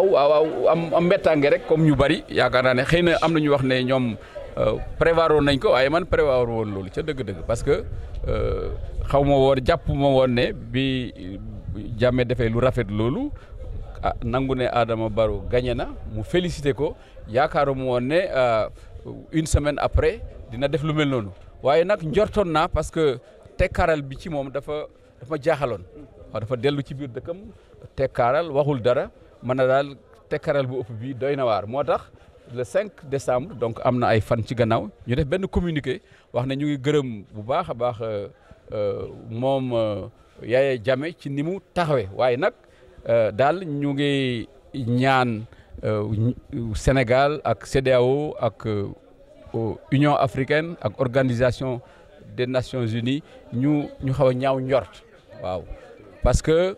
taxaw waaw am am mbettaange rek comme ñu bari yaakaar naa ne xëy na am na ñu wax ne ñoom euh, prévoir woon nañ ko waaye man prévoir woon loolu ca dëgg-dëgg parce que euh, xaw ma woon jàpp ma woon ne bi jàmme defee lu rafet loolu a ah, nangu ne Adama Barrow gagné na mu félicité ko yaakaaruma woon ne euh, une semaine après dina def lu mel noonu waaye nag njortoon naa parce que tekkaaral bi ci moom dafa dafa jaaxaloon waaw dafa dellu ci biir dëkkam tekkaaral waxul dara mën daal tekkaral bu ëpp bi doy na waar moo tax le 5 décembre donc am na ay fan ci gannaaw ñu def benn communiqué wax ne ñu gërëm bu baax a baax euh, euh, moom euh, Yaya Jammeh ci ni mu taxawee waaye nag daal ñu ngi ñaan Sénégal ak CEDEAO ak Union africaine ak organisation des Nations Unies ñu ñu xaw a ñaaw ñor waaw parce que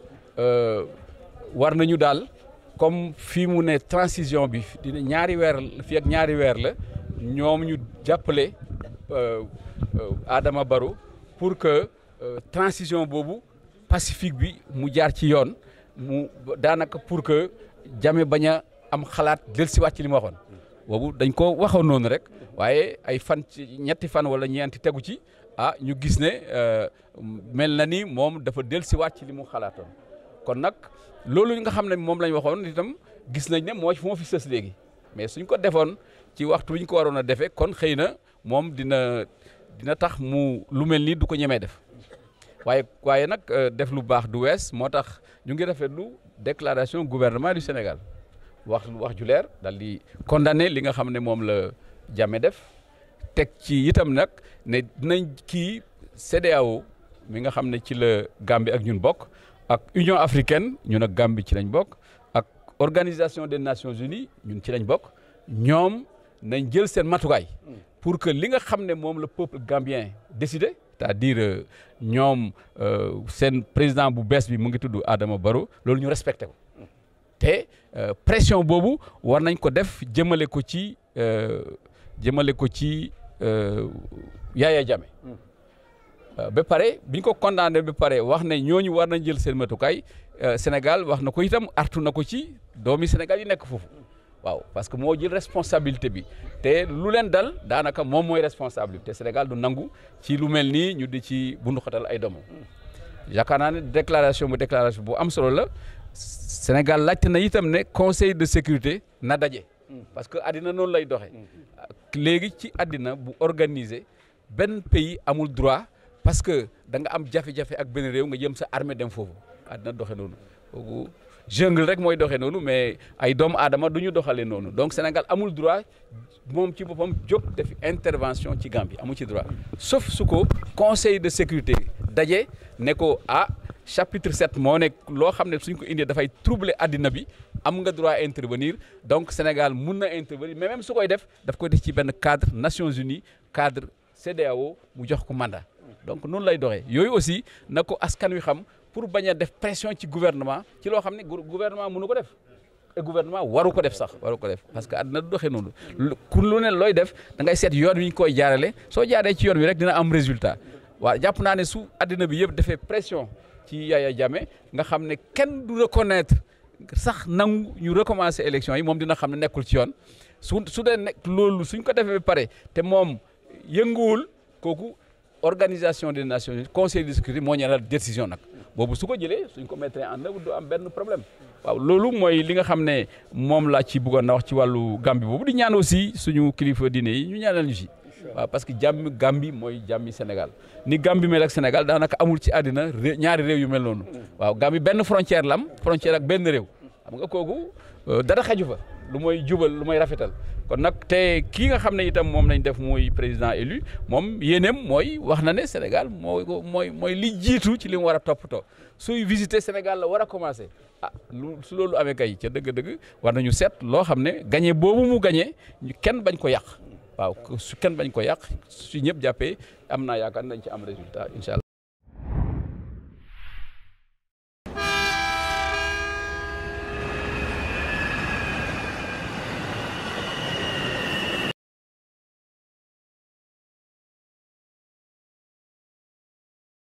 war nañu daal. comme fii mu ne transition bi dina ñaari weer fii ñaari weer la ñoom ñu jàppale euh, euh, Adama Barrow pour que euh, transition boobu pacifique bi mu jaar ci yoon mu daanaka pour que jame bañ a am xalaat dellusiwaat ci li mu waxoon boobu dañ ko waxoon noonu rek waaye ay fan ci ñetti fan wala ñeenti tegu ci ah ñu gis ne mel na ni moom dafa dël si wàcc li mu xalaatoon. kon nag loolu nga xam ne moom lañ waxoon itam gis nañ ne moo moo fi sës léegi mais suñ ko defoon ci waxtu wi ko waroon a defee kon xëy na moom dina dina tax mu lu mel nii du ko ñemee def waaye waaye nag euh, def lu baax du wees moo tax ñu ngi lu déclaration gouvernement du Sénégal wax wax ju leer daal di condamné li nga xam ne moom la Jammeh def teg ci itam nag ne dinañ kii CEDEAO mi nga xam ne ci la Gambie ak ñun bokk. ak Union africaine ñu ak Gambie ci lañ bokk ak organisation des Nations Unies ñun ci lañ bokk ñoom nañ jël seen matukaay pour que li nga xam ne moom la peuple gambien décidé à dire euh, ñoom euh, seen président bu bees bi mu ngi tudd aadama Barrow loolu ñu respecté ko te euh, pression boobu war nañ ko def jëmale ko ci jëmale ko ci Yaya Jammeh Euh, ba pare biñ ko condamné ba pare wax ne ñooñu war nañ jël seen matukaay euh, Sénégal wax na ko itam artu na ko ci doomi Sénégal yi nekk foofu waaw parce que moo jël responsabilité bi te lu leen dal daanaka moom mooy responsabilité Sénégal du nangu ci lu mel nii ñu di ci bunduxatal ay doomam yaakaar naa ne déclaration bu déclaration bu am solo la Sénégal laajte na itam ne conseil de sécurité na daje. parce que àddina noonu lay doxe léegi ci àddina bu organisé benn pays amul droit. parce que da nga am jafe-jafe ak benn réew nga jëm sa armée dem foofu àddina doxe noonu kooku jungle rek mooy doxee noonu mais ay doomu aadama du ñu doxalee noonu donc Sénégal amul droit moom ci boppam jóg def intervention ci Gambie amu ci droit sauf su ko conseil de sécurité daje ne ko ah chapitre 7 moo nekk loo xam ne suñ ko indee dafay troubler àddina bi am nga droit intervenir donc Sénégal mun na intervenir mais su koy def daf koy def ci benn cadre Nations Unies cadre wo mu jox ko manda donc noonu lay doxee yooyu aussi na ko askan wi xam pour bañ a def pression ci gouvernement ci loo xam ne gouvernement mënu ko def et gouvernement waru ko def sax waru ko def parce que àddina du doxee noonu ku lu ne looy def da ngay seet yoon wi ñu koy jaarale soo jaaree ci yoon wi rek dina am résultat waaw jàpp naa ne su àddina bi yëpp defee pression ci Yaya Jammeh nga xam ne kenn du reconnaître sax nangu ñu recommencer élection yi moom dina xam ne nekkul ci yoon su su dee nekk loolu suñ ko defee pare te moom yënguwul kooku organisation des nations unies conseil de sécurité moo ñëwaat décision nag boobu su ko jëlee suñ ko mettre en œuvre du am benn problème loolu mooy li nga xam ne moom laa ci bëggoon na wax ci wàllu Gambie boobu di ñaan aussi suñu kilifa diine yi ñu ñaanal ñu si parce que jàmm Gambie mooy jàmmi Sénégal ni Gambie mel ak Sénégal daanaka amul ci àddina ñaari réew yu mel noonu waaw Gambie benn frontière lam am ak benn réew xam nga kooku euh, dara xaju fa lu mooy jubal lu moy rafetal kon nag te kii nga xam ne itam moom lañ def muy président élu moom yéeneem mooy wax na ne Sénégal mooy mooy mooy li jiitu ci li mu war a toppatoo suy visiter Sénégal la war a commencer ah lu su loolu amee kay ca dëgg-dëgg war nañu seet loo xam ne gagné boobu mu gagné ñu kenn bañ ko yàq waaw su kenn bañ ko yàq su ñëpp jàppee am naa yaakaar nañ ci am résultat incha